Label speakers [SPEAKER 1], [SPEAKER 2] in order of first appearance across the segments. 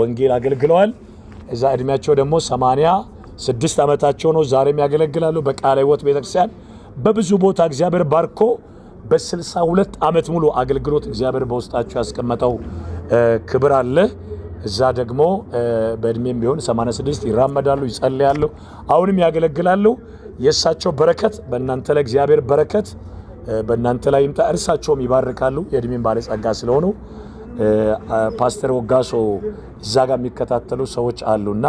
[SPEAKER 1] ወንጌል አገልግለዋል። እዛ እድሜያቸው ደግሞ ሰማንያ ስድስት ዓመታቸው ነው። ዛሬም ያገለግላሉ በቃለ ሕይወት ቤተክርስቲያን በብዙ ቦታ እግዚአብሔር ባርኮ በ ሁለት ዓመት ሙሉ አገልግሎት እግዚአብሔር በውስጣቸው ያስቀመጠው ክብር አለ። እዛ ደግሞ በእድሜም ቢሆን 86 ይራመዳሉ፣ ይጸልያሉ፣ አሁንም ያገለግላሉ። የእሳቸው በረከት በእናንተ ላይ እግዚአብሔር በረከት በእናንተ ላይ ይምጣ። እርሳቸውም ይባርካሉ የእድሜም ባለጸጋ ስለሆኑ ፓስተር ወጋሶ እዛ ጋር የሚከታተሉ ሰዎች አሉና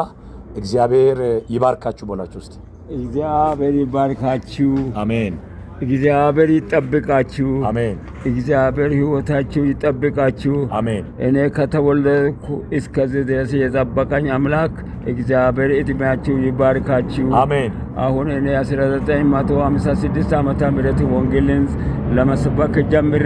[SPEAKER 1] እግዚአብሔር ይባርካችሁ በላችሁ ውስጥ
[SPEAKER 2] እግዚአብሔር ይባርካችሁ። አሜን። እግዚአብሔር ይጠብቃችሁ። አሜን። እግዚአብሔር ሕይወታችሁ ይጠብቃችሁ። አሜን። እኔ ከተወለድኩ እስከዚህ ድረስ የጠበቀኝ አምላክ እግዚአብሔር እድሜያችሁ ይባርካችሁ። አሜን። አሁን እኔ 1956 ዓመተ ምህረት ወንጌልን ለመስበክ ጀምሬ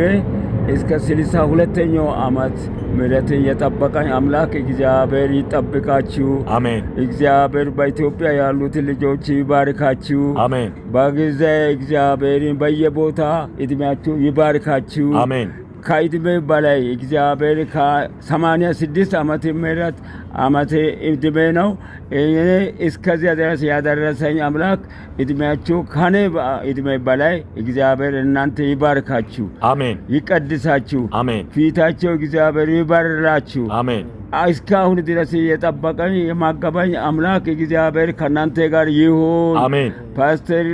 [SPEAKER 2] እስከ ስልሳ ሁለተኛው ዓመት ምሕረትን የጠበቀ አምላክ እግዚአብሔር ይጠብቃችሁ። አሜን። እግዚአብሔር በኢትዮጵያ ያሉትን ልጆች ይባርካችሁ። አሜን። በጊዜ እግዚአብሔርን በየቦታ እድሜያችሁ ይባርካችሁ። አሜን። ከእድሜ በላይ እግዚአብሔር ከሰማንያ ስድስት ዓመት ምሕረት ዓመት እድሜ ነው። እኔ እስከዚያ ድረስ ያደረሰኝ አምላክ እድሜያችሁ ከኔ እድሜ በላይ እግዚአብሔር እናንተ ይባርካችሁ፣ አሜን። ይቀድሳችሁ፣ አሜን። ፊታቸው እግዚአብሔር ይባርራችሁ፣ አሜን። እስካሁን ድረስ የጠበቀኝ የማገባኝ አምላክ እግዚአብሔር ከእናንተ ጋር ይሁን። አሜን ፓስተር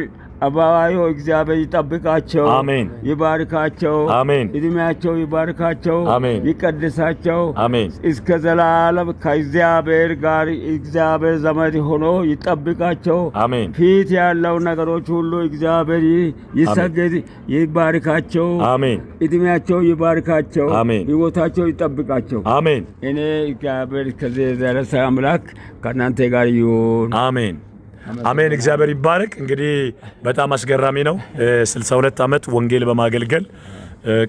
[SPEAKER 2] አባባዮ እግዚአብሔር ይጠብቃቸው፣ አሜን። ይባርካቸው፣ አሜን። እድሜያቸው ይባርካቸው፣ አሜን። ይቀድሳቸው፣ አሜን። እስከ ዘላለም ከእግዚአብሔር ጋር እግዚአብሔር ዘመድ ሆኖ ይጠብቃቸው፣ አሜን። ፊት ያለው ነገሮች ሁሉ እግዚአብሔር ይሰግድ፣ ይባርካቸው፣ አሜን። እድሜያቸው ይባርካቸው፣ አሜን። ሕይወታቸው ይጠብቃቸው፣ አሜን። እኔ እግዚአብሔር ከዚህ ዘረሰ አምላክ ከእናንተ ጋር ይሁን፣
[SPEAKER 1] አሜን። አሜን። እግዚአብሔር ይባረክ። እንግዲህ በጣም አስገራሚ ነው። 62 ዓመት ወንጌል በማገልገል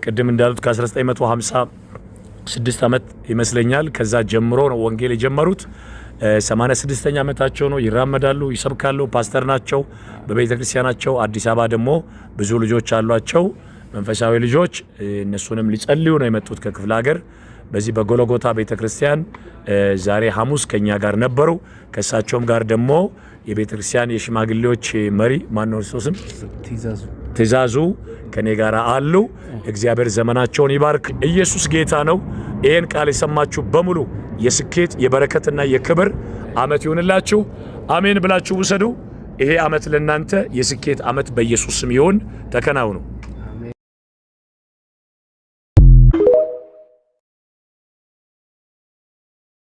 [SPEAKER 1] ቅድም እንዳሉት ከ1956 ዓመት ይመስለኛል ከዛ ጀምሮ ነው ወንጌል የጀመሩት። 86ኛ ዓመታቸው ነው። ይራመዳሉ፣ ይሰብካሉ፣ ፓስተር ናቸው በቤተ ክርስቲያናቸው። አዲስ አበባ ደግሞ ብዙ ልጆች አሏቸው መንፈሳዊ ልጆች። እነሱንም ሊጸልዩ ነው የመጡት ከክፍለ ሀገር በዚህ በጎለጎታ ቤተ ክርስቲያን ዛሬ ሐሙስ ከኛ ጋር ነበሩ። ከእሳቸውም ጋር ደግሞ የቤተ ክርስቲያን የሽማግሌዎች መሪ ማነው ትዛዙ ትእዛዙ ከኔ ጋር አሉ። እግዚአብሔር ዘመናቸውን ይባርክ። ኢየሱስ ጌታ ነው። ይህን ቃል የሰማችሁ በሙሉ የስኬት የበረከትና የክብር ዓመት ይሁንላችሁ። አሜን ብላችሁ ውሰዱ። ይሄ ዓመት ለእናንተ የስኬት ዓመት በኢየሱስ ስም ይሁን። ተከናውኑ።